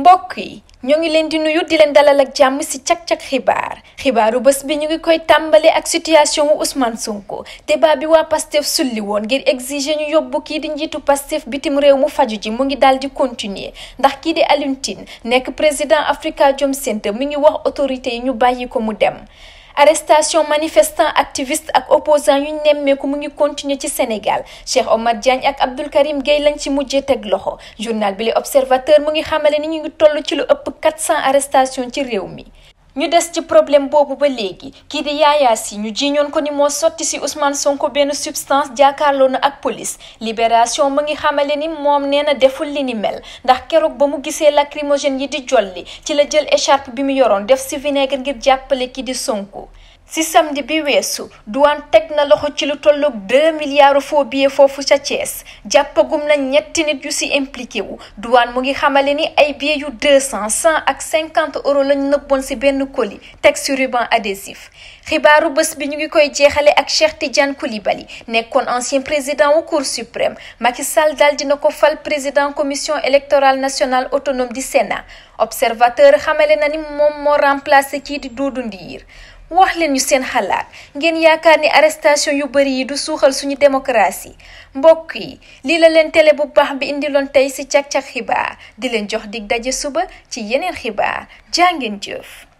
mbokk yi ñoo ngi leen di nuyu di leen dalal ak jàmm si cak-cak xibaar xibaaru bés bi ñu ngi koy tàmbali ak situation wu Ousmane te baa bi waa Pastef sulli woon ngir exiger ñu yóbbu kii di njiitu Pastef bitim réew mu faju ji mu ngi daal di continuer ndax kii di Alioune nekk président Afrikajom Center mu ngi wax autorité yi ñu bàyyi ko mu dem arrestation manifestant activistes ak opposants yu nemmeeku mu ngi continuer ci Sénégal Cheikh Omar Diagne ak Abdoul Karim Gueye lañ ci mujjee teg loxo journal bi li observateur mu ngi xamale ni ñu ngi toll ci lu ëpp 400 arrestations ci réew mi. ñu des ci problème boobu ba léegi kii di Yaya yi ñu jiiñoon ko ni moo sotti si Ousmane Sonko benn substance jàkkaarloo na ak police libération ba ngi xamale ni moom nee na deful li ni mel ndax keroog ba mu gisee lacrymogène yi di jolli ci la jël écharpe bi mu yoroon def si vinaigre ngir jàppale kii di Sonko. ci samedi bi weesu douane teg na loxo ci lu tolloog 2 milliards faux billets foofu ca Thiès jàppagum na ñetti nit yu ci impliqué wu douane mu ngi xamale ni ay billets yu cent cent ak cinquante euros lañ nëbboon ci benn colis teg ci ruban adhésif xibaaru bés bi ñu ngi koy jeexale ak Cheikh Tidiane Koulibaly nekkoon ancien président wu Cour suprême Macky Sall daal dina ko fal président commission électorale nationale autonome du Sénat observateur xamale na ni moom moo remplacé kii di Doudou Ndir wax leen ñu seen xalaat ngeen yaakaar ni arestation yu bëri yi du suuxal suñu démocratie mbokk yi lii la leen tele bu baax bi indiloon tey ci càq-càq xibaar di leen jox dig daje suba ci yeneen xibaar jaa ngeen jëf.